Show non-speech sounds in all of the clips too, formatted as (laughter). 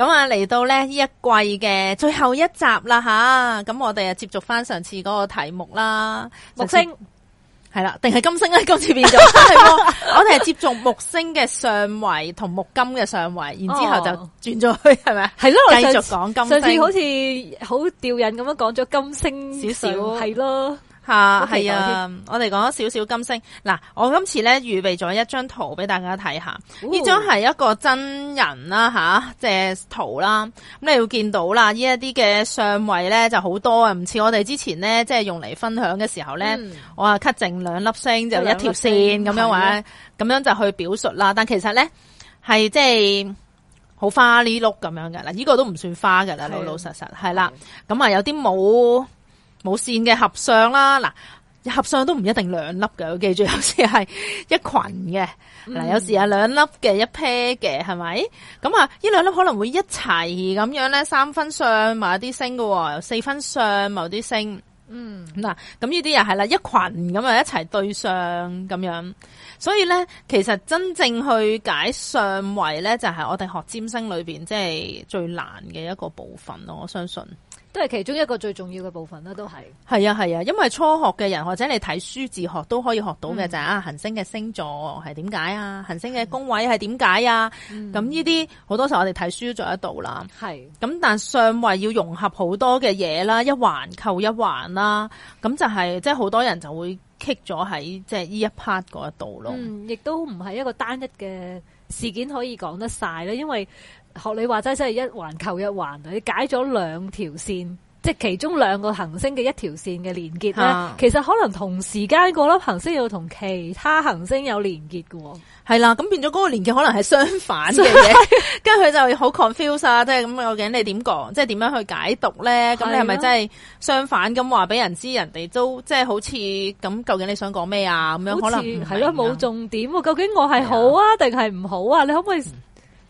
咁啊，嚟到咧呢一季嘅最後一集啦吓，咁我哋啊，接續翻上，上次嗰個題目啦，木星係啦，定係金星呢？今次變咗， (laughs) 我哋係接觸木星嘅相位同木金嘅相位，然之後就轉咗去，係咪、哦？係咯，繼續講金星。上次好似好吊癮咁樣講咗金星少少，係咯。吓係啊，啊！我哋講咗少少金星嗱、啊，我今次咧預備咗一張圖俾大家睇下，呢張係一個真人啦吓，即係圖啦、啊。咁、嗯、你會見到啦，呢一啲嘅相位咧就好多啊。唔似我哋之前咧即係用嚟分享嘅時候咧，嗯、我啊咳剩兩是粒星就一條線咁樣話，咁的樣就去表述啦。但其實咧係即係好花呢碌咁樣嘅嗱，呢、這個都唔算花嘅啦，的老老實實係啦。咁啊的有啲冇。冇線嘅合相啦，嗱，合相都唔一定兩粒嘅，記住有時係一群嘅，嗱，有時係兩、嗯、粒嘅一 pair 嘅，係咪？咁啊，呢兩粒可能會一齊咁樣咧，三分相某有啲星嘅，四分相某有啲星。嗯，嗱，咁呢啲又係啦，一群咁啊一齊對相咁樣，所以咧，其實真正去解相位咧，就係我哋學占星裏邊即係最難嘅一個部分咯，我相信。都係其中一個最重要嘅部分啦，都係。係啊係啊，因為初學嘅人或者你睇書自學都可以學到嘅就係啊，行星嘅星座係點解啊，行星嘅宮位係點解啊，咁呢啲好多時候我哋睇書都做得到啦。係是。咁但相位要融合好多嘅嘢啦，一環扣一環啦，咁就係即係好多人就會棘咗喺即係呢一 part 嗰一度咯。亦都唔係一個單一嘅事件可以講得晒啦，嗯、因為。學你話齋，真係一環扣一環，你解咗兩條線，即係其中兩個行星嘅一條線嘅連結呢，啊、其實可能同時間嗰粒行星要同其他行星有連結喎。係啦，咁變咗嗰個連結可能係相反嘅嘢，跟住佢就好 confuse 啊，即係咁究竟你點講，即係點樣去解讀咧？咁的你係咪真係相反咁話俾人知？人哋都即係好似咁，究竟你想講咩啊？咁像樣可能係咯，冇重點，究竟我係好啊，定係唔好啊？你可唔可以、嗯？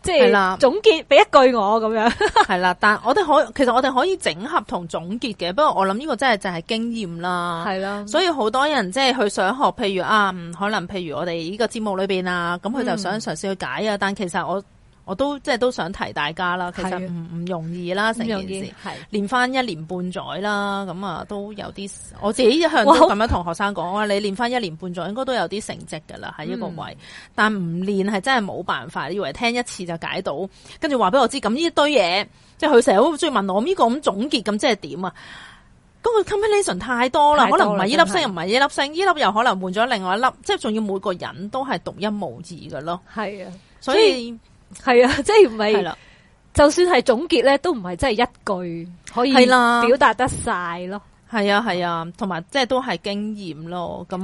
即係啦，總結俾一句我咁樣。係啦，但我哋可以，其實我哋可以整合同總結嘅。不過我諗呢個真係就係經驗啦。係啦的，所以好多人即係去想學，譬如啊，可能譬如我哋呢個節目裏邊啊，咁佢就想嘗試去解啊，嗯、但其實我。我都即係都想提大家啦，其實唔唔的容易啦，成件事，練翻的一年半載啦，咁啊都有啲。我自己一向都咁樣同學生講，我哇你練翻一年半載，應該都有啲成績噶啦喺呢個位。嗯、但唔練係真係冇辦法，以為聽一次就解到，跟住話俾我知咁呢一堆嘢，即係佢成日好中意問我，咁、這、呢個咁總結咁即係點啊？嗰、那個 combination 太多啦，多可能唔係呢粒星，唔係呢粒星，呢粒是又可能換咗另外一粒，即係仲要每個人都係獨一無二噶咯。係啊的，所以。所以係啊，即係唔係？就算係總結咧，都唔係真係一句可以表達得晒咯。係啊，係啊，同埋即係都係經驗咯。咁，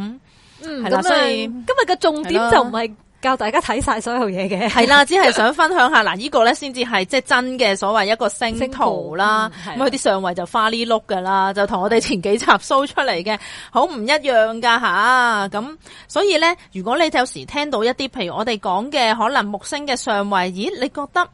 嗯，係啦，所以今日嘅重點就唔係。教大家睇晒所有嘢嘅，係啦，只係想分享下嗱，呢 (laughs) 個咧先至係即係真嘅所謂一個星圖啦。咁佢啲相位就花哩碌噶啦，就同我哋前幾集 show 出嚟嘅好唔一樣噶吓。咁、啊、所以咧，如果你有時聽到一啲，譬如我哋講嘅可能木星嘅相位，咦，你覺得？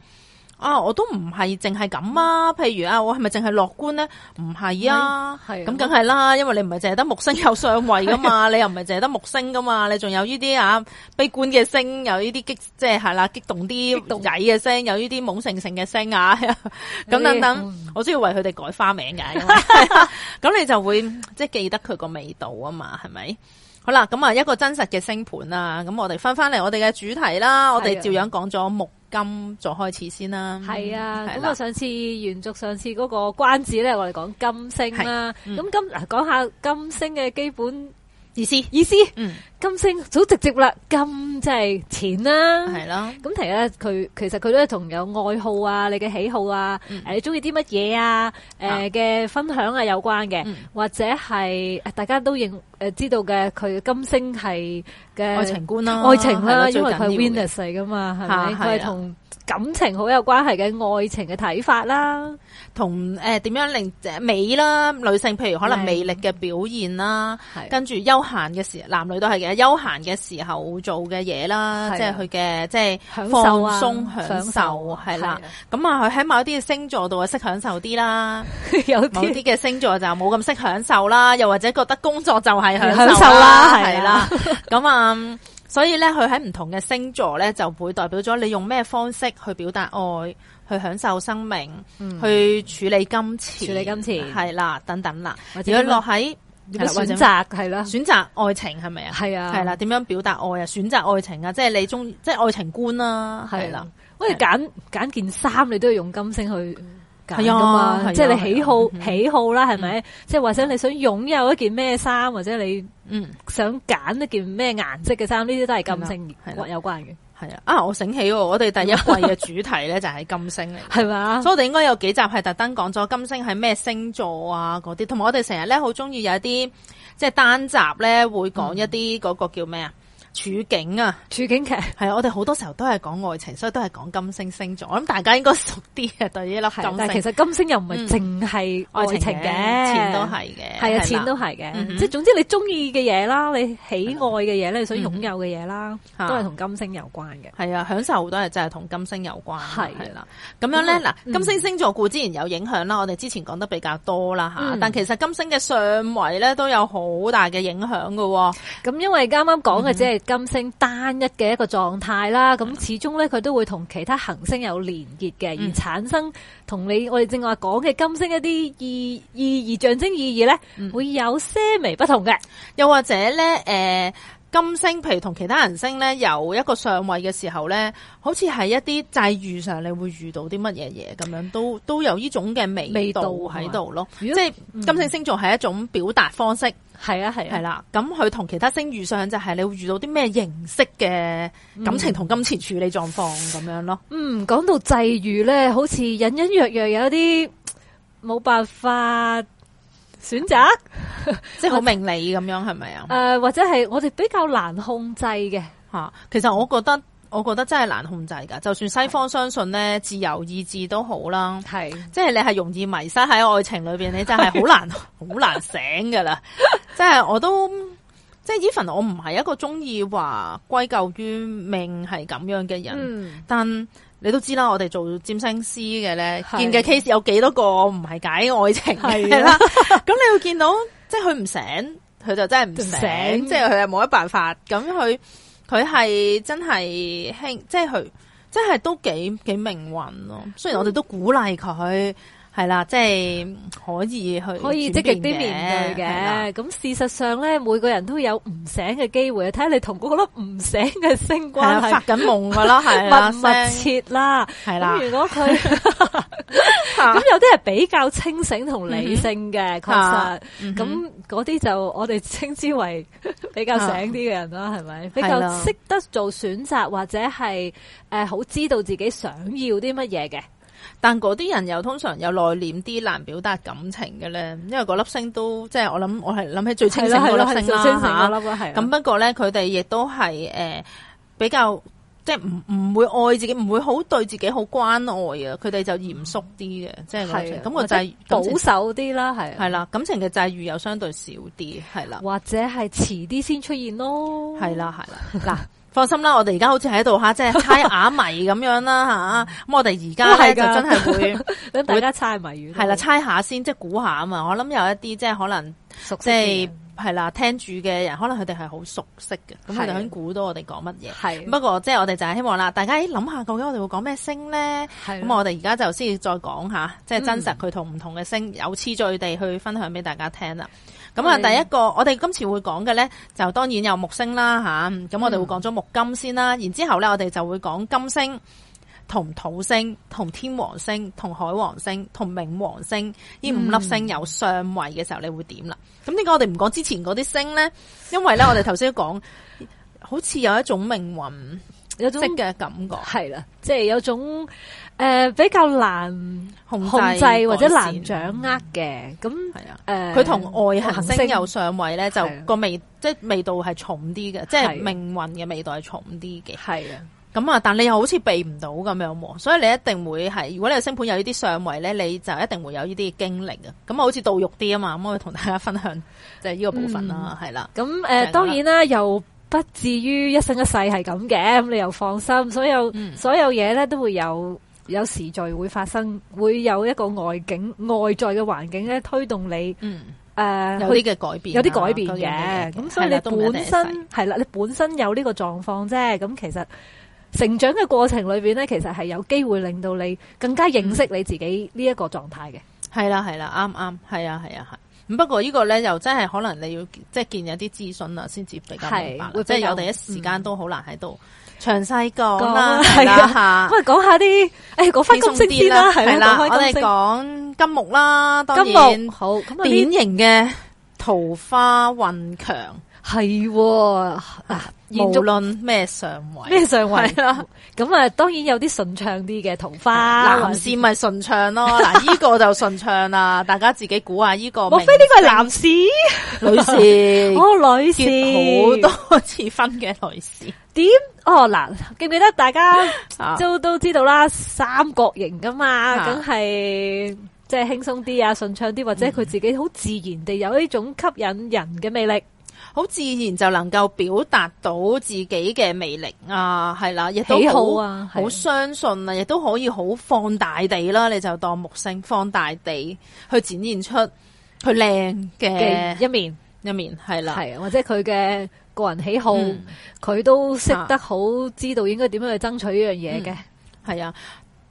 啊！我都唔係淨係咁啊，譬如啊，我係咪淨係樂觀呢？唔係啊，咁梗係啦，因為你唔係淨係得木星有相位噶嘛、啊、嘛，你又唔係淨係得木星噶嘛，你仲有呢啲啊悲觀嘅星，有呢啲激即係，係啦，激動啲曳嘅星，有呢啲懵盛盛嘅星啊，咁、啊、 (laughs) 等等，嗯、我都要為佢哋改花名嘅、啊，咁 (laughs) (laughs) 你就會即係記得佢個味道啊嘛，係咪？好啦，咁啊一個真實嘅星盤啦，咁我哋翻翻嚟我哋嘅主題啦，啊、我哋照樣講咗木。金就開始先啦，係啊，咁啊上次延續上次嗰個關子咧，我哋講金星啦，咁、嗯、金、嗱講下金星嘅基本。意思意思，嗯，金星好直接啦，金即係錢啦，係咯。咁其實咧，佢其實佢都係同有愛好啊，你嘅喜好啊，誒，你中意啲乜嘢啊？誒嘅分享啊有關嘅，或者係大家都認誒知道嘅，佢金星係嘅愛情觀啦，愛情啦，因為佢 Venus 嚟噶嘛，係咪？佢係同感情好有關係嘅愛情嘅睇法啦。同誒，點樣令美啦？女性，譬如可能魅力嘅表現啦，跟住休閒嘅時，男女都係嘅。休閒嘅時候做嘅嘢啦，即係佢嘅即係放鬆享受，係啦。咁啊，佢喺某一啲星座度啊，識享受啲啦。有某啲嘅星座就冇咁識享受啦，又或者覺得工作就係享受啦，係啦。咁啊，所以咧，佢喺唔同嘅星座咧，就會代表咗你用咩方式去表達愛。去享受生命，去處理金錢，處理金錢係啦，等等啦，而佢落喺選擇係啦，選擇愛情係咪啊？係啊，係啦，點樣表達愛啊？選擇愛情啊，即係你中意即係愛情觀啦，係啦。好似，你揀揀件衫，你都要用金星去揀噶嘛，即係你喜好喜好啦，係咪？即係或者你想擁有一件咩衫，或者你嗯想揀一件咩顏色嘅衫，呢啲都係金星有關嘅。係啊，啊我醒起，我哋第一季嘅主題咧就係金星嚟，係咪 (laughs) 吧？所以我哋應該有幾集係特登講咗金星係咩星座啊，嗰啲，同埋我哋成日咧好中意有一啲即係單集咧會講一啲嗰個叫咩啊？嗯處境啊，處境劇，係啊，我哋好多時候都係講愛情，所以都係講金星星座。我諗大家應該熟啲嘅對呢粒星。但係其實金星又唔係淨係愛情嘅，錢都係嘅，係啊，錢都係嘅，即係總之你中意嘅嘢啦，你喜愛嘅嘢咧，你想擁有嘅嘢啦，都係同金星有關嘅。係啊，享受好多嘢真係同金星有關，係啦。咁樣咧，嗱，金星星座固之然有影響啦，我哋之前講得比較多啦吓，但其實金星嘅相位咧都有好大嘅影響噶。咁因為啱啱講嘅即係。金星單一嘅一個狀態啦，咁始終咧佢都會同其他行星有連結嘅，而產生同你我哋正話講嘅金星一啲意、意義，意義象徵意義咧，會有些微不同嘅，又或者咧誒。呃金星，譬如同其他人星咧，有一個相位嘅時候咧，好似係一啲際遇上，你會遇到啲乜嘢嘢咁樣，都都有呢種嘅味味道喺度道咯。即係是、嗯、金星星座係一種表達方式，係啊係啊係啦。咁佢同其他星遇上就係、是、你會遇到啲咩形式嘅感情同金錢處理狀況咁樣咯。嗯，講到際遇咧，好似隱隱約約有一啲冇辦法。選擇即係好明理咁樣，係咪啊？誒吧、呃，或者係我哋比較難控制嘅吓、啊。其實我覺得，我覺得真係難控制噶。就算西方相信咧自由意志都好啦，係的即係你係容易迷失喺愛情裏邊，你真係好難好的難醒噶啦。 (laughs) 即係我都。即係 even 我唔係一個中意話歸咎於命係咁樣嘅人，嗯、但你都知啦，我哋做占星師嘅咧，見嘅 case 有幾多個唔係解愛情嘅啦。咁的 (laughs) 你會見到，即係佢唔醒，佢就真係唔醒，醒即係佢係冇乜辦法。咁佢佢係真係輕，即係佢真係都幾幾命運咯。雖然我哋都鼓勵佢。嗯係啦，即係可以去可以積極啲面對嘅。咁了事實上咧，每個人都有唔醒嘅機會，睇下你同嗰粒唔醒嘅星關係。發緊夢噶啦，係啦，密密切啦，係啦了。如果佢咁 (laughs) 有啲係比較清醒同理性嘅，確、嗯、哼實咁嗰啲就我哋稱之為比較醒啲嘅人啦，係咪了？比較識得做選擇或者係誒，好、呃、知道自己想要啲乜嘢嘅。但嗰啲人又通常有內斂啲，難表達感情嘅咧，因為嗰粒星都即係我諗，我係諗起最清醒嗰粒星個係。咁、啊啊、不過咧，佢哋亦都係誒比較即係唔唔會愛自己，唔會好對自己好關愛啊。佢哋就嚴肅啲嘅，即係咁。就係、啊、保守啲啦，係、啊。係啦、啊，感情嘅際遇又相對少啲，係啦、啊，或者係遲啲先出現咯，係啦、啊，係啦、啊，嗱。 (laughs) 放心啦，我哋而家好似喺度吓，即係猜啞謎咁樣啦吓。咁、 (laughs) 啊、我哋而家就真係會， (laughs) 大家猜謎語。係啦，猜下先，即係估下啊嘛。我諗有一啲即係可能，即係係啦，聽住嘅人，可能佢哋係好熟悉嘅，咁佢哋肯估到我哋講乜嘢。係。不過即係我哋就係希望啦，大家誒諗下究竟我哋會講咩聲咧？係。咁我哋而家就先要再講下，即係真實佢同唔同嘅聲，嗯、有次序地去分享俾大家聽啦。咁啊，第一個對我哋今次會講嘅呢，就當然有木星啦吓，咁我哋會講咗木金先啦，然之後呢，我哋就會講金星、同土星、同天王星、同海王星、同冥王星呢、嗯、五粒星有相位嘅時候，你會點啦？咁點解我哋唔講之前嗰啲星呢？ (laughs) 因為呢，我哋頭先講，好似有一種命運、有種嘅感覺，係啦，即係有種。誒，比較難控制或者難掌握嘅，咁，誒，佢同外行星有相位咧，就個味，即係味道係重啲嘅，即係命運嘅味道係重啲嘅。係啊，咁啊，但你又好似避唔到咁樣喎，所以你一定會係，如果你個星盤有呢啲相位咧，你就一定會有呢啲經歷啊。咁啊，好似道玉啲啊嘛，咁我同大家分享就係呢個部分啦，係啦。咁誒，當然啦，又不至於一生一世係咁嘅，咁你又放心。所有所有嘢咧都會有。有時序會發生，會有一個外境、外在嘅環境咧推動你，誒、嗯，呃、有啲嘅改變、啊，有啲改變嘅。咁所以你本身係啦，你本身有呢個狀況啫。咁其實成長嘅過程裏邊咧，其實係有機會令到你更加認識你自己呢一個狀態嘅。係啦、嗯，係啦，啱啱，係啊，係啊，係。咁不過這個呢個咧，又真係可能你要即係見一啲資訊啊，先至比較明白比較，即係有第一時間都好難喺度、嗯。詳細講啦，係啊，我哋講下啲，誒、哎，講翻金星啲啦，係啦，了我哋講金木啦，當然金木好典型嘅桃花運強。係嗱，無論咩上位咩上位啦，咁啊，當然有啲順暢啲嘅桃花男士咪順暢咯。嗱，呢個就順暢啦，大家自己估下呢個。莫非呢個係男士女士？哦，女士好多次婚嘅女士點？哦，嗱，記唔記得大家都都知道啦，三角形噶嘛，梗係即係輕鬆啲啊，順暢啲，或者佢自己好自然地有呢種吸引人嘅魅力。好自然就能夠表達到自己嘅魅力啊，係啦、啊，亦都好好、啊啊、相信啊，亦都可以好放大地啦。你就當木星放大地去展現出佢靚嘅一面一面係啦，係啊，啊，或者佢嘅個人喜好，佢、嗯、都識得好知道應該點樣去爭取呢樣嘢嘅。係、嗯、啊，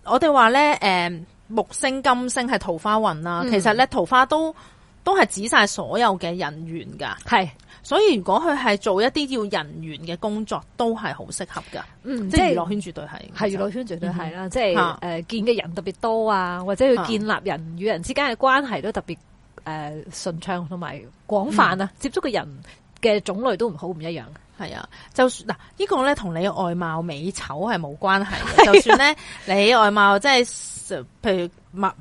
我哋話咧，誒、嗯，木星金星係桃花運啊。嗯、其實咧桃花都都係指晒所有嘅人緣噶，係。所以如果佢係做一啲要人員嘅工作，都係好適合噶嗯，即係娛樂圈絕對係，係娛樂圈絕對係啦。即係誒，見嘅人特別多啊，或者佢建立人與人之間嘅關係都特別誒順暢同埋廣泛啊，接觸嘅人嘅種類都唔好唔一樣。係啊，就算嗱，呢個咧同你外貌美醜係冇關係，就算咧你外貌即係。譬如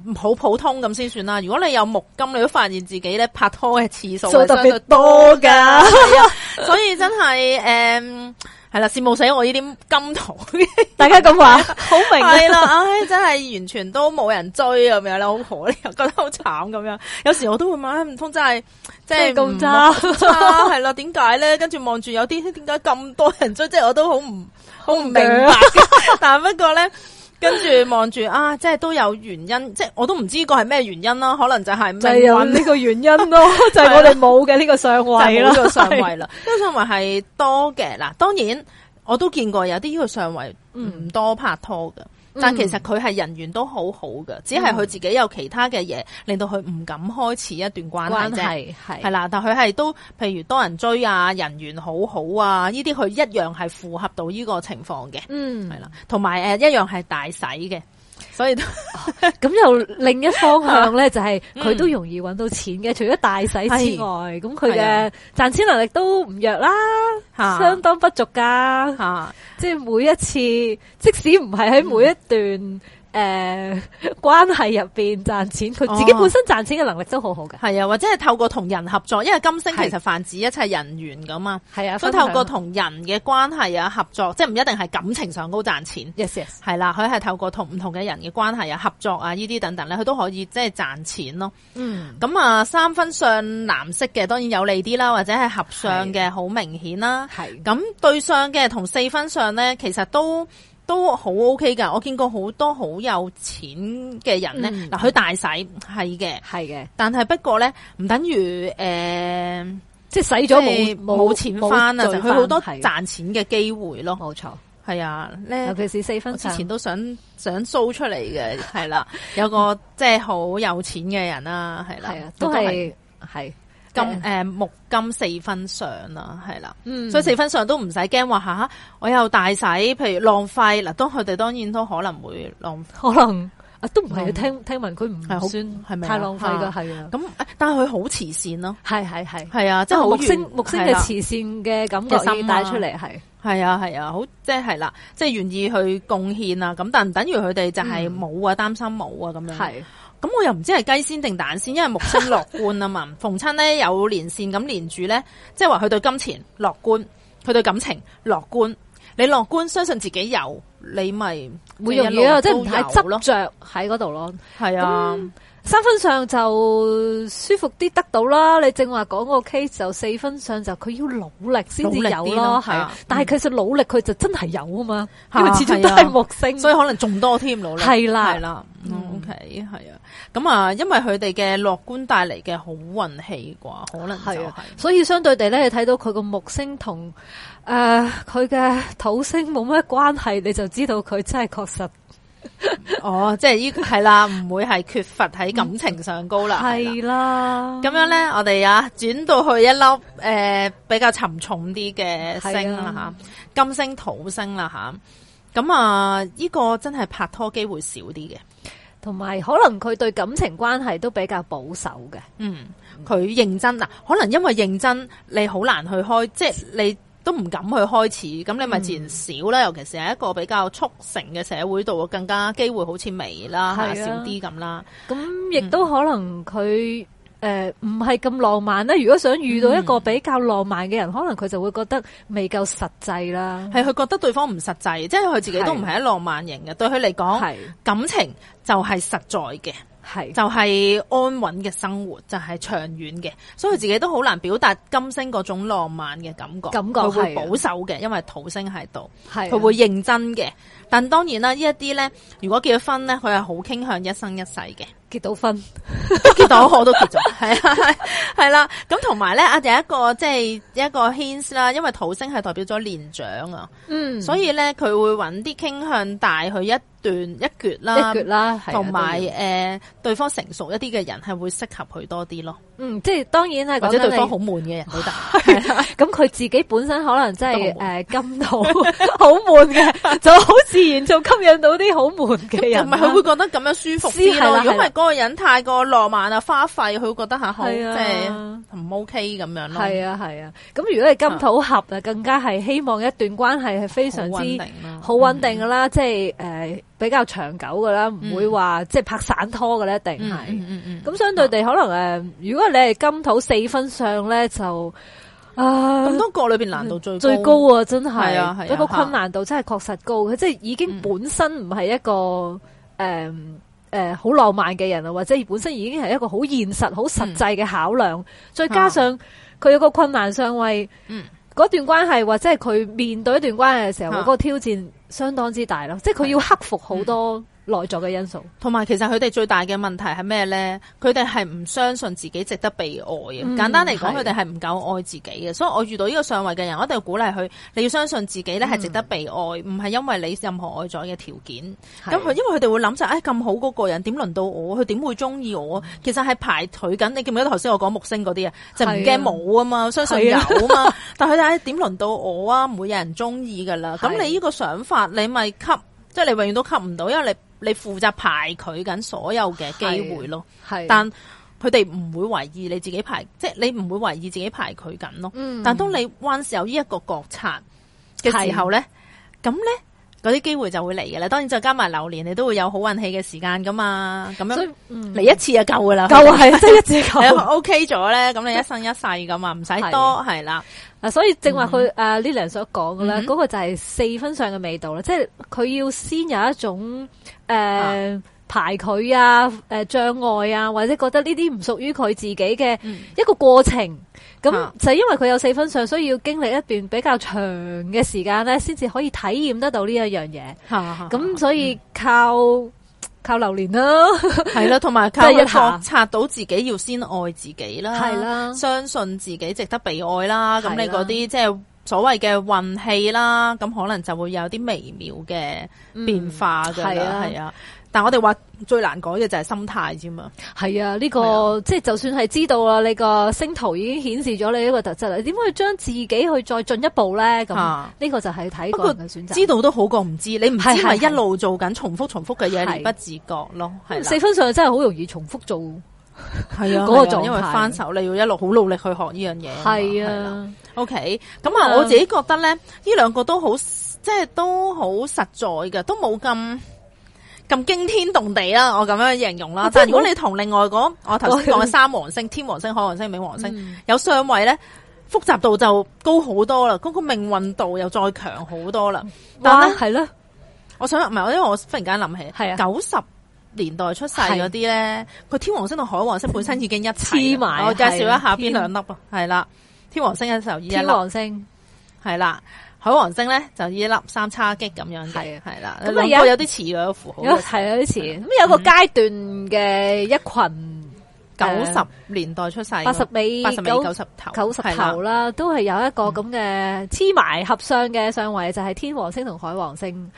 唔好普通咁先算啦。如果你有木金，你都發現自己咧拍拖嘅次數係特別多噶。所以真係誒，係啦，羨慕死我呢啲金童。大家咁話，好明係啦。唉，真係完全都冇人追咁樣，老婆咧又覺得好慘咁樣。有時我都會問，唔通真係真係咁渣係啦，點解咧？跟住望住有啲點解咁多人追？即係我都好唔好唔明白。但係不過咧。 (laughs) 跟住望住啊，即係都有原因，即係我都唔知個係咩原因咯，可能就係未揾呢個原因咯， (laughs) 就係我哋冇嘅呢個上位咯，上位啦，呢是個上位係多嘅嗱，當然我都見過有啲呢個上位唔多拍拖㗎但其實佢係人緣都好好噶，嗯、只係佢自己有其他嘅嘢，嗯、令到佢唔敢開始一段關係啫。係係啦，但佢係都譬如多人追啊，人緣好好啊，呢啲佢一樣係符合到呢個情況嘅。嗯，係啦，同埋誒一樣係大使嘅，所以都咁又、哦 (laughs) 哦、另一方向咧，就係、是、佢都容易揾到錢嘅。嗯、除咗大使之外，咁佢嘅賺錢能力都唔弱啦，啊、相當不俗噶。啊即係每一次，即使唔係喺每一段。誒、呃，關係入邊賺錢，佢自己本身賺錢嘅能力都好好噶。係、哦、啊，或者係透過同人合作，因為金星其實泛指一切人緣噶嘛。係啊，佢透過同人嘅關係啊合作，即係唔一定係感情上高賺錢。Yes 係 yes. 啦、啊，佢係透過同唔同嘅人嘅關係啊合作啊呢啲等等咧，佢都可以即係賺錢咯。嗯。咁啊，三分相藍色嘅，當然有利啲啦，或者係合相嘅，好明顯啦。係、啊。咁對相嘅同四分相咧，其實都。都好 OK 噶，我見過好多好有錢嘅人咧，嗱佢、嗯、大洗係嘅，係嘅，的但係不過咧唔等於誒，呃、即係使咗冇冇錢返啊，就佢好多賺錢嘅機會咯。冇錯的，係啊錯，咧尤其是四分3，之前都想想 show 出嚟嘅，係啦， (laughs) 有個即係好有錢嘅人啦，係啦，都係係。金誒木金四分相啊，係啦，所以四分相都唔使驚話嚇，我又大使。譬如浪費嗱，當佢哋當然都可能會浪費，可能啊都唔係，聽聽聞佢唔係好酸，係咪太浪費㗎？係啊，咁但係佢好慈善咯，係係係，係啊，即係木星木星嘅慈善嘅感覺帶出嚟，係係啊係啊，好即係啦，即係願意去貢獻啊，咁但唔等於佢哋就係冇啊，擔心冇啊咁樣係。咁我又唔知係雞先定蛋先，因為木星樂觀啊嘛， (laughs) 逢親呢，有連線咁連住呢，即係話佢對金錢樂觀，佢對感情樂觀。你樂觀，相信自己有，你咪每樣嘢啊，即係唔太執着喺嗰度咯，係啊。三分上就舒服啲得到啦，你正話講個 case 就四分上就佢要努力先至有咯，係啊。但係其實努力佢就真係有啊嘛，啊因為始終都係木星、啊，所以可能仲多添努力。係啦係啦，OK 係啊。咁啊，因為佢哋嘅樂觀帶嚟嘅好運氣啩，可能係、就是、啊。啊啊所以相對地咧，你睇到佢個木星同誒佢嘅土星冇咩關係，你就知道佢真係確實。 (laughs) 哦，即係呢個，係啦，唔會係缺乏喺感情上高啦，係啦、嗯。咁了樣咧，我哋啊轉到去一粒誒、呃、比較沉重啲嘅星啦吓，了金星土星啦吓。咁啊，呢、呢個真係拍拖機會少啲嘅，同埋可能佢對感情關係都比較保守嘅。嗯，佢認真嗱，可能因為認真，你好難去開，即係你。都唔敢去開始，咁你咪自然少啦。嗯、尤其是喺一個比較速成嘅社會度，更加機會好似微啦，啊、少啲咁啦。咁亦都可能佢誒唔係咁浪漫啦。如果想遇到一個比較浪漫嘅人，嗯、可能佢就會覺得未夠實際啦。係佢覺得對方唔實際，即係佢自己都唔係一浪漫型嘅。是對佢嚟講，是感情就係實在嘅。係就係安穩嘅生活，就係、是、長遠嘅，所以佢自己都好難表達金星嗰種浪漫嘅感覺。感覺係保守嘅，的因為土星喺度，係佢的會認真嘅。但當然啦，這些呢一啲咧，如果結咗婚咧，佢係好傾向一生一世嘅。結到婚， (laughs) 結到我都結咗，係係啦。咁同埋咧，啊，第一個即係、就是、一個牽啦，因為土星係代表咗年長啊，嗯，所以咧佢會揾啲傾向大佢一。一段一決啦，一決啦，同埋誒，對方成熟一啲嘅人係會適合佢多啲咯。嗯，即係當然係，或者對方好悶嘅人，咁佢自己本身可能真係誒金土好悶嘅，就好自然就吸引到啲好悶嘅人。佢會覺得咁樣舒服啲咯。如果係嗰個人太過浪漫啊、花費，佢會覺得吓好即係唔 OK 咁樣咯。係啊係啊。咁如果係金土合啊，更加係希望一段關係係非常之好穩定噶啦，即係誒。比較長久嘅啦，唔會話即係拍散拖嘅咧，一定係。咁相對地，可能誒，如果你係金土四分相咧，就啊，咁多角裏邊難度最最高啊，真係。嗰個困難度真係確實高，佢即係已經本身唔係一個誒誒好浪漫嘅人啊，或者本身已經係一個好現實、好實際嘅考量。再加上佢有個困難相位，嗯，嗰段關係或者係佢面對一段關係嘅時候嗰個挑戰。相當之大咯，即係佢要克服好多。 (laughs) 內在嘅因素，同埋其實佢哋最大嘅問題係咩咧？佢哋係唔相信自己值得被愛嘅。嗯、簡單嚟講，佢哋係唔夠愛自己嘅。所以我遇到呢個相位嘅人，我一定要鼓勵佢，你要相信自己咧係值得被愛，唔係、嗯、因為你任何外在嘅條件。咁佢的因為佢哋會諗就誒，咁好個人點輪到我？佢點會中意我？其實係排隊緊。你記唔記得頭先我講木星嗰啲啊？就唔驚冇啊嘛，的相信有啊嘛。是的 (laughs) 但係佢哋係點輪到我啊？唔會有人中意噶啦。咁的你呢個想法，你咪吸。即係你永遠都吸唔到，因為你你負責排佢緊所有嘅機會咯。係，但佢哋唔會懷疑你自己排，即係你唔會懷疑自己排佢緊咯。嗯，但當你 once 有國呢一個覺察嘅時候咧，咁咧的。嗰啲機會就會嚟嘅啦，當然就加埋流年，你都會有好運氣嘅時間噶嘛，咁樣嚟一次就夠噶啦，夠係即係一次夠，OK 咗咧，咁你一生一世咁啊，唔使 (laughs) 多，係啦嗱，所以正話佢誒呢兩所講嘅咧，嗰、嗯、個就係四分上嘅味道啦，嗯、即係佢要先有一種誒排拒啊、誒、啊呃、障礙啊，或者覺得呢啲唔屬於佢自己嘅一個過程。嗯。咁就因為佢有四分相，所以要經歷一段比較長嘅時間咧，先至可以體驗得到呢一樣嘢。咁 (laughs) 所以靠、嗯、靠流年啦，係 (laughs) 啦，同埋靠覺察到自己要先愛自己啦，係啦的，相信自己值得被愛啦。咁的你嗰啲即係。就是所謂嘅運氣啦，咁可能就會有啲微妙嘅變化㗎啦。係啊，但我哋話最難改嘅就係心態啫嘛。係啊，呢個即係就算係知道啦，你個星圖已經顯示咗你呢個特質啦。點可以將自己去再進一步咧？咁呢個就係睇個人嘅選擇。知道都好過唔知。你唔知咪一路做緊重複重複嘅嘢，而不自覺咯。係四分上真係好容易重複做。係啊，嗰個狀態。因為翻手，你要一路好努力去學呢樣嘢。係啊。OK，咁啊，我自己覺得咧，呢兩個都好，即係都好實在嘅，都冇咁咁驚天動地啦，我咁樣形容啦。但係如果你同另外嗰，我頭先講嘅三王星、天王星、海王星、冥王星有相位咧，複雜度就高好多啦，嗰個命運度又再強好多啦。但係啦，我想唔係，因為我忽然間諗起，係九十年代出世嗰啲咧，個天王星同海王星本身已經一齊黐埋。我介紹一下邊兩粒啊，係啦。天王星嘅時候，二粒。天王星係啦，海王星咧就一粒三叉戟咁樣。係啊的，係啦了。咁啊有有啲似兩個符號。係啊，有啲似。咁有個階段嘅一群九十、嗯、年代出世，八十尾八十尾九十頭九十頭啦，的都係有一個咁嘅黐埋合相嘅相位，就係、是、天王星同海王星。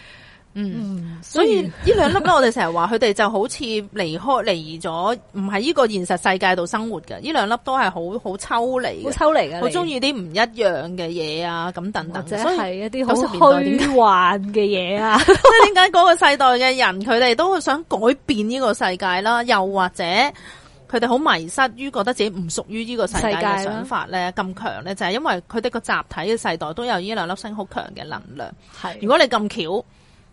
嗯，所以呢兩粒咧，我哋成日話佢哋就好似離開離咗，唔係呢個現實世界度生活嘅。呢兩粒都係好好抽離，好抽離嘅，好中意啲唔一樣嘅嘢啊，咁等等，即係一啲好虛幻嘅嘢啊。即係點解嗰個世代嘅人，佢哋都想改變呢個世界啦？又或者佢哋好迷失於覺得自己唔屬於呢個世界嘅想法咧？咁強咧，就係因為佢哋個集體嘅世代都有呢兩粒星好強嘅能量。係，如果你咁巧。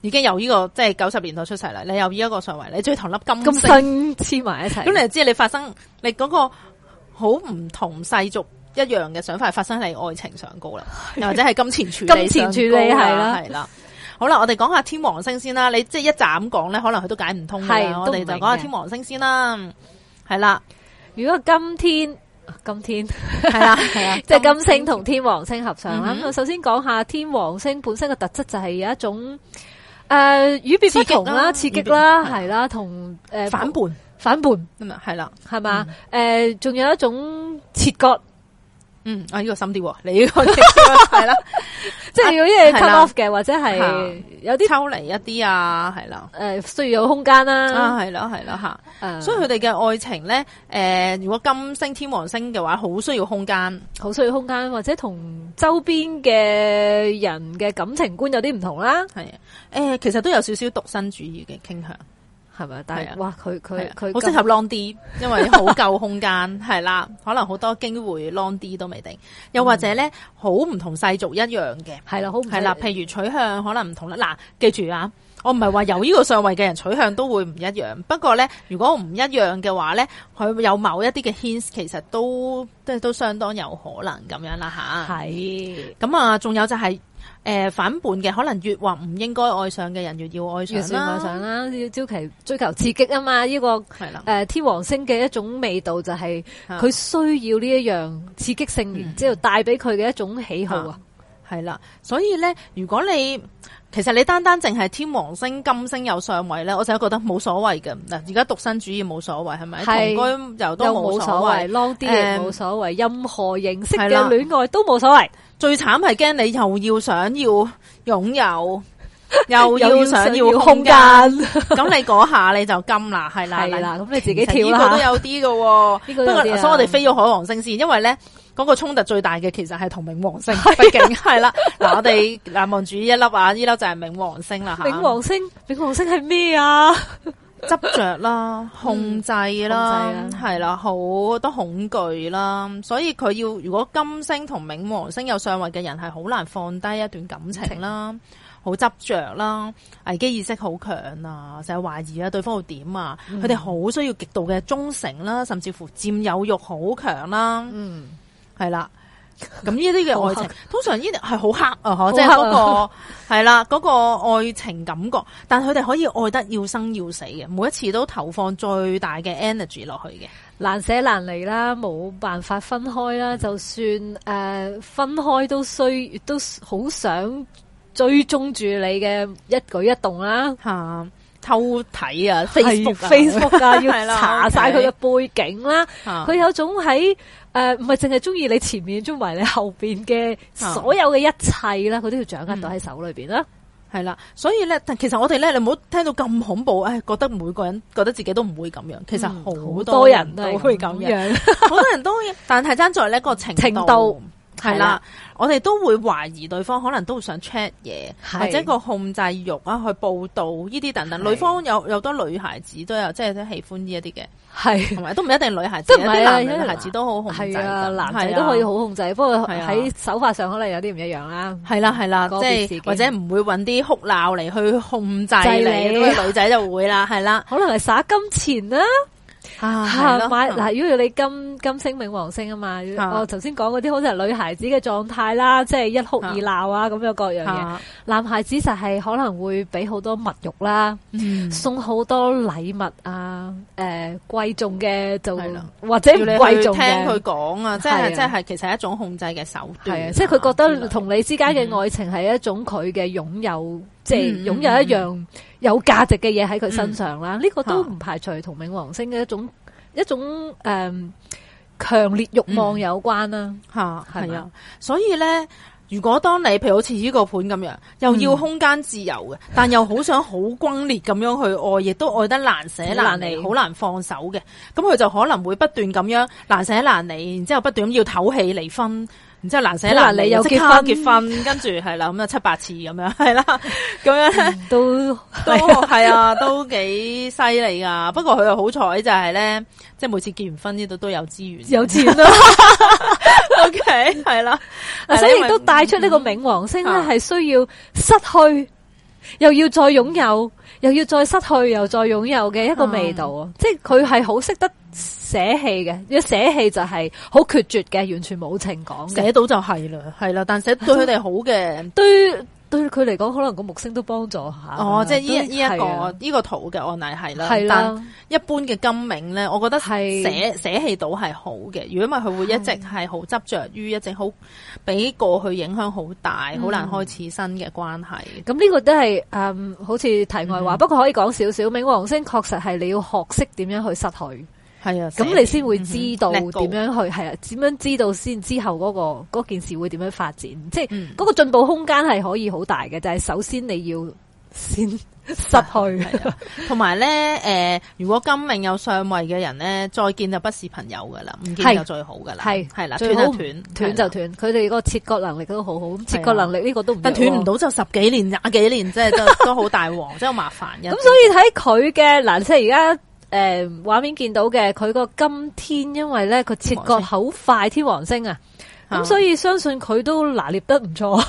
已經由呢、這個即係九十年代出世啦，你由呢一個上位，你最同粒金星黐埋一齊，咁你又知你發生你嗰個好唔同世俗一樣嘅想法，發發生喺愛情上高啦，又或者係金錢處理上高 (laughs) 金錢處理啦，係啦、啊啊啊，好啦，我哋講下天王星先啦，你即係一斬講咧，可能佢都解唔通、啊、我哋就講下天王星先啦，係啦，啊、如果金天金天係啦係啦，即係、 (laughs) 啊啊、金星同天王星合上啦，嗯、首先講下天王星本身嘅特質就係有一種。誒、呃、與別不同啦，刺激啦，係啦，同誒反叛，反叛咁啊，係啦，係嘛？誒，仲有一種切割。嗯，啊呢、這個深啲，你呢、這個係啦， (laughs) (laughs) 了即係如果一係 cut off 嘅，啊、是或者係有啲抽離一啲啊，係啦，誒、呃、需要有空間、啊啊、啦，係啦，係啦吓，啊、所以佢哋嘅愛情咧，誒、呃、如果金星天王星嘅話，好需要空間，好需要空間，或者同周邊嘅人嘅感情觀有啲唔同啦、啊，係誒、啊呃，其實都有少少獨身主義嘅傾向。係咪？但係、啊、哇，佢佢佢好適合 long 啲，因為好夠空間係啦。可能好多機會 long 啲都未定，又或者咧好唔同世俗一樣嘅，係啦、啊，好係啦。譬如取向可能唔同啦。嗱、啊，記住啊，我唔係話有呢個相位嘅人取向都會唔一樣。不過咧，如果唔一樣嘅話咧，佢有某一啲嘅 hint，其實都即係都，都相當有可能咁樣啦吓。係咁啊，仲是、啊啊、有就係、是。誒、呃，反叛嘅可能越話唔應該愛上嘅人越要愛上愛上啦，要朝其追求刺激啊嘛！呢，這個誒的、呃、天王星嘅一種味道就係佢需要呢一樣刺激性，然之後帶俾佢嘅一種喜好啊，係啦。所以咧，如果你其實你單單淨係天王星金星有上位咧，我成日覺得冇所謂嘅嗱，而家獨身主義冇所謂，係咪？同居都又都冇所謂，long 啲嘢冇所謂，呃、任何形式嘅戀愛都冇所謂。最慘係驚你又要想要擁有，又要想要空間，咁 (laughs) (laughs) 你嗰下你就金 (laughs) 啦，係啦係啦，咁你自己跳啦。呢個都有啲嘅，不過所以我哋飛咗海王星先，因為咧嗰、嗰個衝突最大嘅其實係同冥王星，畢 (laughs) 竟係啦。嗱， (laughs) 我哋嗱望住呢一粒啊，呢粒就係冥王星啦。 (laughs) 冥王星，冥王星係咩啊？ (laughs) 執着啦，控制啦，係、嗯啊、啦，好多恐懼啦，所以佢要如果金星同冥王星有相位嘅人，係好難放低一段感情啦，好執着啦，危機意識好強啊，成日懷疑啊對方會點啊，佢哋好需要極度嘅忠誠啦，甚至乎佔有欲好強啦，嗯，係啦。咁呢啲嘅愛情黑通常呢啲係好黑啊，即係嗰個係啦，嗰、 (laughs) 嗰個愛情感覺，但佢哋可以愛得要生要死嘅，每一次都投放最大嘅 energy 落去嘅，難捨難離啦，冇辦法分開啦，就算誒、呃、分開都需都好想追蹤住你嘅一舉一動啦，吓、啊、偷睇啊，Facebook 的 Facebook 啊，的要查晒佢嘅背景啦，佢的有種喺。誒，唔係淨係中意你前面，中埋你後邊嘅所有嘅一切啦，佢、啊、都要掌握到喺手裏邊啦，係啦、嗯嗯。所以咧，其實我哋咧，你唔好聽到咁恐怖，誒、哎，覺得每個人覺得自己都唔會咁樣，其實好多人都會咁樣，好、嗯、多人都會，但係爭在呢個程度。程度係啦，我哋都會懷疑對方可能都會想 check 嘢，或者個控制欲啊，去報道呢啲等等。女方有有多女孩子都有，即係都喜歡呢一啲嘅。係同埋都唔一定女孩子，即係唔係女孩子都好控制，男仔都可以好控制，不過喺手法上可能有啲唔一樣啦。係啦係啦，即係或者唔會搵啲哭鬧嚟去控制你，女仔就會啦，係啦，可能係耍金錢啦。啊，買嗱，如果你金金星、冥王星啊嘛，我頭先講嗰啲，好似係女孩子嘅狀態啦，即係一哭二鬧啊，咁樣各樣嘢。男孩子就係可能會俾好多物慾啦，送好多禮物啊，誒貴重嘅就或者唔貴重嘅，聽佢講啊，即係即係其實係一種控制嘅手段，即係佢覺得同你之間嘅愛情係一種佢嘅擁有。即係擁有一樣有價值嘅嘢喺佢身上啦，呢、嗯嗯、個都唔排除同冥王星嘅一種、啊、一種誒強、呃、烈欲望有關啦，吓係、嗯嗯、啊，吧吧所以咧，如果當你譬如好似呢個盤咁樣，又要空間自由嘅，嗯、但又好想好轟烈咁樣去愛，亦 (laughs) 都愛得難捨難離，好難放手嘅，咁佢就可能會不斷咁樣難捨難離，然之後不斷要唞氣離婚。然之後難捨難離又即刻結婚，跟住係啦咁樣七八次咁樣，係啦咁樣都都係啊，都幾犀利噶。不過佢又好彩就係咧，即係每次結完婚呢度都有資源，有錢啦。OK，係啦，所以亦都帶出呢個冥王星咧，係需要失去。又要再擁有，又要再失去，又再擁有嘅一個味道啊！嗯、即係佢係好識得捨棄嘅，要捨棄就係好決絕嘅，完全冇情講嘅，寫到就係啦，係啦，但寫對佢哋好嘅，對。對佢嚟講，可能個木星都幫助一下。哦，即係呢呢一個圖、啊、個圖嘅案例係啦。係啦、啊。但一般嘅金冥咧，我覺得係捨是捨棄到係好嘅。如果唔係，佢會一直係好執着於是一直好俾過去影響好大，好、嗯、難開始新嘅關係。咁呢、嗯、個都係嗯，好似題外話。嗯、不過可以講少少，冥王星確實係你要學識點樣去失去。係啊，咁你先會知道點樣去，係啊，點樣知道先之後嗰個嗰件事會點樣發展，即係嗰個進步空間係可以好大嘅，就係首先你要先失去，同埋咧，誒，如果金冥有相位嘅人咧，再見就不是朋友噶啦，唔見就最好噶啦，係係啦，斷就斷，斷就斷，佢哋個切割能力都好好，切割能力呢個都，但斷唔到就十幾年廿幾年，即係都好大鑊，即係好麻煩。咁所以睇佢嘅嗱，即係而家。誒，畫面見到嘅，佢個金天因為咧，佢切割好快，天王星啊，咁所以相信佢都拿捏得唔錯，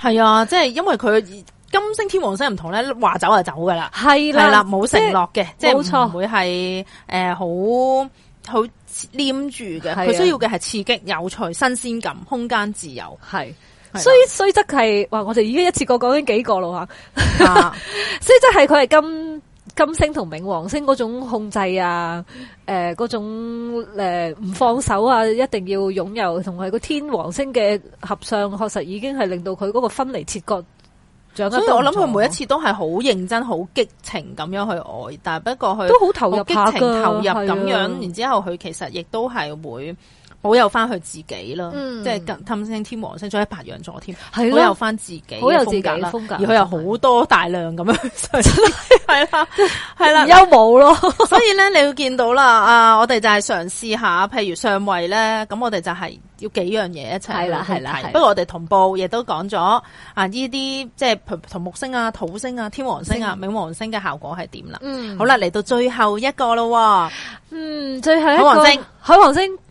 係啊，即係因為佢金星天王星唔同咧，話走就走噶啦，係啦，係啦，冇承諾嘅，即係冇錯，會係誒好好黏住嘅，佢需要嘅係刺激、有趣、新鮮感、空間自由，係，所以所以則係話，我哋已經一次過講緊幾個啦，吓，所以即係佢係金。金星同冥王星嗰種控制啊，誒、呃，嗰種誒唔、呃、放手啊，一定要擁有，同埋個天王星嘅合相，確實已經係令到佢嗰個分離切割得得不，所以我諗佢每一次都係好認真、好激情咁樣去愛，但係不過佢都好投入激情投入咁樣，的然之後佢其實亦都係會。好有翻佢自己囉，即係金星、天王星，再加白羊座添，好有翻自己，好有自己風格，而佢有好多大量咁樣，係啦，係啦，又冇咯。所以咧，你會見到啦，啊，我哋就係嘗試下，譬如上位咧，咁我哋就係要幾樣嘢一齊啦，係啦，不過我哋同步亦都講咗啊，呢啲即係同木星啊、土星啊、天王星啊、冥王星嘅效果係點啦。好啦，嚟到最後一個咯，嗯，最後一個，海王星。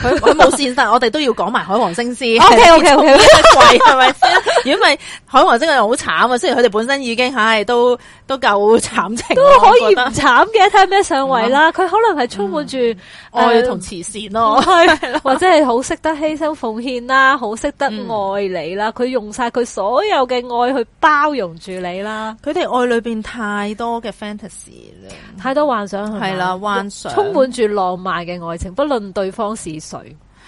佢佢冇現實，我哋都要講埋海王星先。O K O K O K，OK，係咪先？如果係海王星係好慘啊！雖然佢哋本身已經，唉，都都夠慘情，都可以唔慘嘅，睇咩上位啦。佢可能係充滿住愛同慈善咯，或者係好識得犧牲奉獻啦，好識得愛你啦。佢用晒佢所有嘅愛去包容住你啦。佢哋愛裏邊太多嘅 fantasy 啦，太多幻想係啦，幻想充滿住浪漫嘅愛情，不論對方是。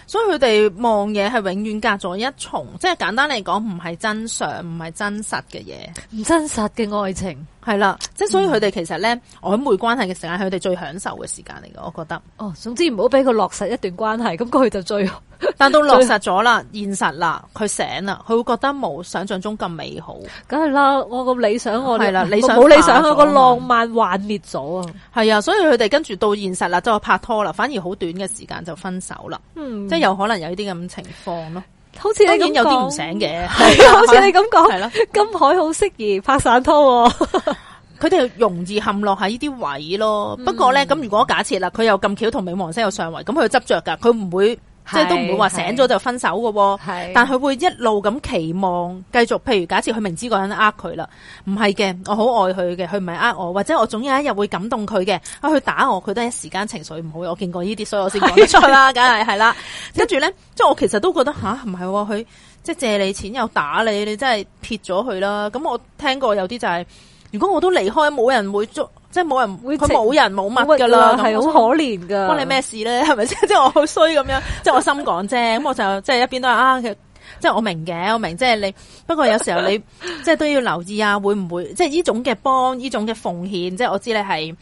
所以佢哋望嘢係永遠隔咗一重，即係簡單嚟講，唔係真相，唔係真實嘅嘢，唔真實嘅愛情。係啦，即係所以佢哋其實咧曖昧關係嘅時間，係佢哋最享受嘅時間嚟嘅，我覺得。哦，總之唔好俾佢落實一段關係，咁佢就追。但係到落實咗啦，了現實啦，佢醒啦，佢會覺得冇想象中咁美好。梗係啦，我咁理想，我係啦，理想冇理想啊，個浪漫幻滅咗啊。係啊，所以佢哋跟住到現實啦，即係拍拖啦，反而好短嘅時間就分手啦。嗯，即係有可能有呢啲咁情況咯。好似你已經，有啲唔醒嘅。係好似你咁講，係咯，金海好適宜拍散拖，佢哋容易陷落喺呢啲位咯。嗯、不過咧，咁如果假設啦，佢又咁巧，同冥王星有相位，咁佢執着噶，佢唔會。即係都唔會話醒咗就分手喎，但佢會一路咁期望繼續。譬如假設佢明知個人呃佢啦，唔係嘅，我好愛佢嘅，佢唔係呃我，或者我總有一日會感動佢嘅。啊，佢打我，佢都係一時間情緒唔好，我見過呢啲，所以我先講出啦，梗係係啦。跟住咧，呢 (laughs) 即係我其實都覺得吓，唔係喎，佢即係借你錢又打你，你真係撇咗佢啦。咁我聽過有啲就係、是，如果我都離開，冇人會即係冇人會成，佢冇人冇物噶啦，係好可憐噶。關你咩事咧？係咪先？即係我好衰咁樣， (laughs) 即係我心講啫。咁 (laughs) 我就即係、就是、一邊都話啊，即、就、係、是、我明嘅，我明即係、就是、你。不過有時候你即係、就是、都要留意啊， (laughs) 會唔會即係呢種嘅幫呢種嘅奉獻？即、就、係、是、我知你係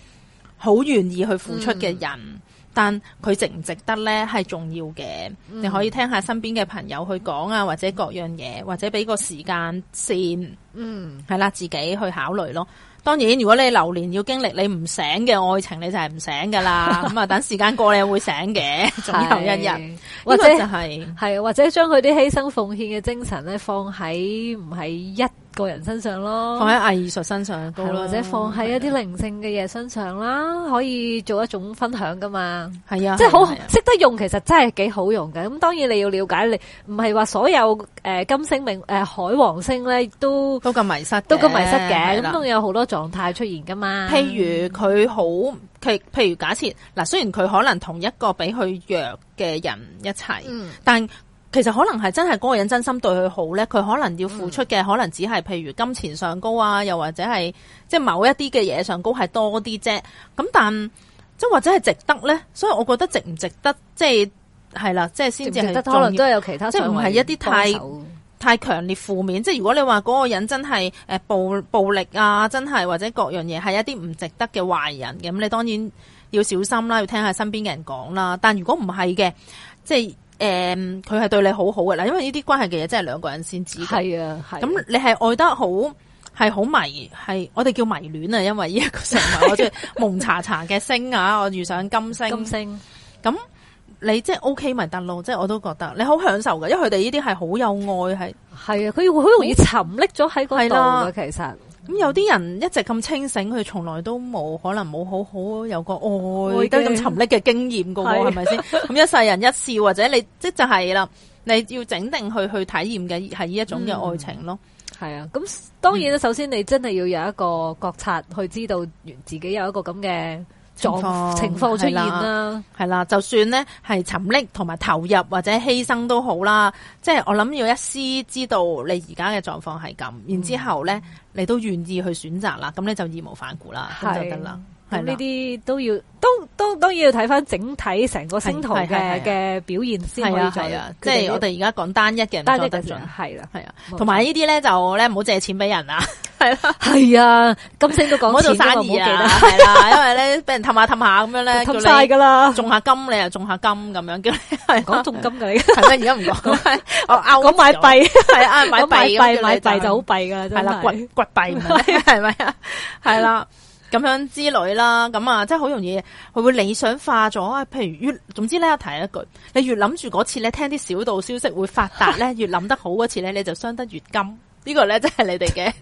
好願意去付出嘅人，嗯、但佢值唔值得咧係重要嘅。嗯、你可以聽下身邊嘅朋友去講啊，或者各樣嘢，或者俾個時間先。嗯，係啦，自己去考慮咯。當然，如果你流年要經歷你唔醒嘅愛情，你就係唔醒噶啦。咁啊，等時間過，你會醒嘅，仲有一日是、就是。或者就係係，或者將佢啲犧牲奉獻嘅精神咧，放喺唔係一。個人身上咯，放喺藝術身上，係或者放喺一啲靈性嘅嘢身上啦，可以做一種分享噶嘛。係啊，即係好識得用，其實真係幾好用嘅。咁當然你要了解，你唔係話所有誒金星命誒海王星咧都都咁迷失，都咁迷失嘅，咁都有好多狀態出現噶嘛。譬如佢好，佢譬如假設嗱，雖然佢可能同一個比佢弱嘅人一齊，但。其實可能係真係嗰個人真心對佢好咧，佢可能要付出嘅可能只係譬如金錢上高啊，又或者係即係某一啲嘅嘢上高係多啲啫。咁但即或者係值得咧，所以我覺得值唔值得，即係係啦，即係先至可能都係有其他，即係唔係一啲太太強烈負面。即係如果你話嗰個人真係誒、呃、暴暴力啊，真係或者各樣嘢係一啲唔值得嘅壞人，咁你當然要小心啦，要聽下身邊嘅人講啦。但如果唔係嘅，即係。誒，佢係、um，對你好好嘅啦，因為呢啲關係嘅嘢真係兩個人先知。係啊，咁、啊、你係愛得好係好迷，係我哋叫迷戀啊，因為呢一個事物，啊、我即係蒙查查嘅星啊， (laughs) 我遇上金星，金星。咁你即係 O K 咪得咯，即係我都覺得你好享受嘅，因為佢哋呢啲係好有愛，係係啊，佢會好容易沉溺咗喺嗰度嘅其實。咁有啲人一直咁清醒，佢從來都冇可能冇好好有個愛都咁的沉溺嘅經驗嘅喎，係咪先？咁 (laughs) 一世人一次，或者你即就係、是、啦，你要整定去去體驗嘅係呢一種嘅愛情咯。係啊、嗯，咁當然、嗯、首先你真係要有一個覺察，去知道自己有一個咁嘅。狀況情況出現啦，係啦，就算呢係沉溺同埋投入或者犧牲都好啦，即係我諗要一絲知道你而家嘅狀況係咁，然之後咧你都願意去選擇啦，咁、嗯、你就義無反顧啦，咁是就得啦。咁呢啲都要，都都當然要睇翻整體成個星圖嘅嘅表現先可以做啊。即係我哋而家講單一嘅運作水準，係啦，係啊。同埋呢啲咧就咧唔好借錢俾人啊。係啦，係啊，金星都講唔好做生意啊。係啦，因為咧俾人氹下氹下咁樣咧，氹晒噶啦，種下金你又種下金咁樣，叫你講種金嘅，陳生而家唔講，講買幣係啊，買幣買幣就好幣噶啦，係啦，掘掘幣係咪啊？係啦。咁樣之類啦，咁啊，即係好容易，佢會理想化咗。譬如越，總之咧，提一句，你越諗住嗰次咧，聽啲小道消息會發達咧， (laughs) 越諗得好嗰次咧，你就傷得越金、這個、呢個咧，真係你哋嘅，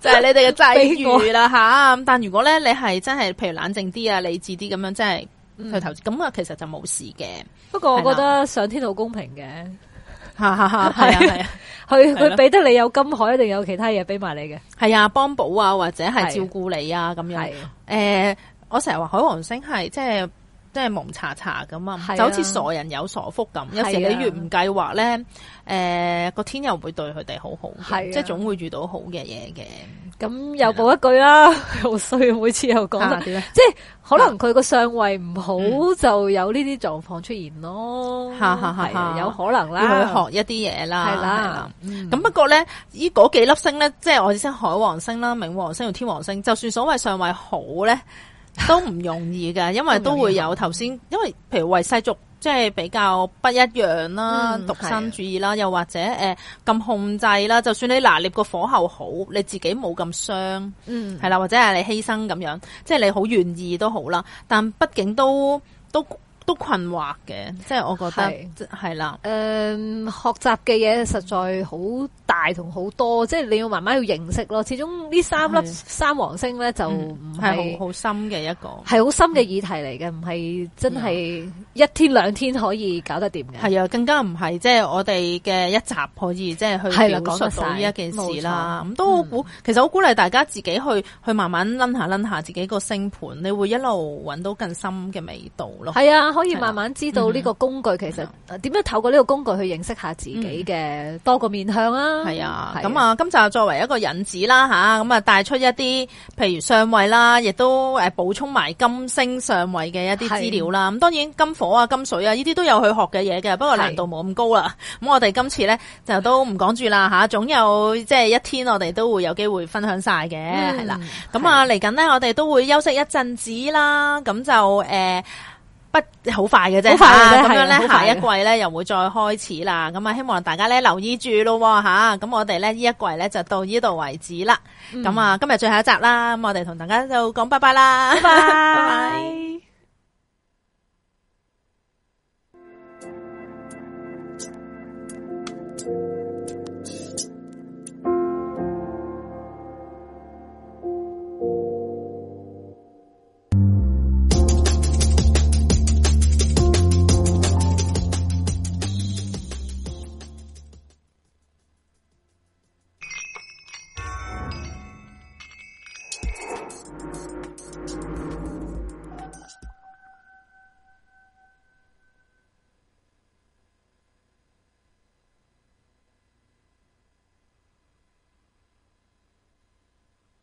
就係、是、你哋嘅際遇啦，吓。 (laughs) 但如果咧，你係真係，譬如冷靜啲啊，理智啲咁樣真頭頭，真係去投資，咁啊，其實就冇事嘅。不過我覺得上天好公平嘅。哈哈哈，係啊係啊，佢佢俾得你有金海，一定有其他嘢俾埋你嘅。係啊，幫補啊，或者係照顧你啊，咁樣。誒、啊呃，我成日話海王星係即係即係蒙查查咁啊，就好似傻人有傻福咁。是啊、有時你越唔計劃咧，誒、呃，個天又唔會對佢哋好好，是啊、即係總會遇到好嘅嘢嘅。咁又補一句啦，好衰，每次又講，即係可能佢個上位唔好，就有呢啲狀況出現咯。係係係，有可能啦，要學一啲嘢啦。係啦，咁不過咧，呢嗰幾粒星咧，即係我哋先海王星啦、冥王星同天王星，就算所謂上位好咧，都唔容易噶，因為都會有頭先，因為譬如為世俗。即係比較不一樣啦，嗯、獨身主義啦，的又或者誒咁、呃、控制啦。就算你拿捏個火候好，你自己冇咁傷，嗯，係啦，或者係你犧牲咁樣，即係你好願意都好啦。但畢竟都都。都困惑嘅，即係我覺得係啦。誒，學習嘅嘢，實在好大同好多，即係你要慢慢要認識咯。始終呢三粒三王星咧，就唔係好好深嘅一個，係好深嘅議題嚟嘅，唔係真係一天兩天可以搞得掂嘅。係啊，更加唔係即係我哋嘅一集可以即係去講述好呢一件事啦。咁都好鼓，其實好鼓勵大家自己去去慢慢捻下捻下自己個星盤，你會一路搵到更深嘅味道咯。係啊。可以慢慢知道呢個工具，嗯、其實點樣透過呢個工具去認識下自己嘅多個面向啊！係啊，咁啊，今集作為一個引子啦，吓咁啊，帶出一啲譬如相位啦，亦都誒補充埋金星相位嘅一啲資料啦。咁的當然金火啊、金水啊呢啲都有去學嘅嘢嘅，不過難度冇咁高啦。咁的我哋今次咧就都唔講住啦，吓總有即係一天，我哋都會有機會分享晒嘅，係啦。咁啊，嚟緊呢，我哋都會休息一陣子啦，咁就誒。呃不好快嘅啫，咁樣咧，下一季咧又會再開始啦。咁啊，希望大家咧留意住咯，吓、啊。咁我哋咧呢一季咧就到呢度為止啦。咁、嗯、啊，今日最後一集啦。咁我哋同大家就講拜拜啦，拜 Bye。Bye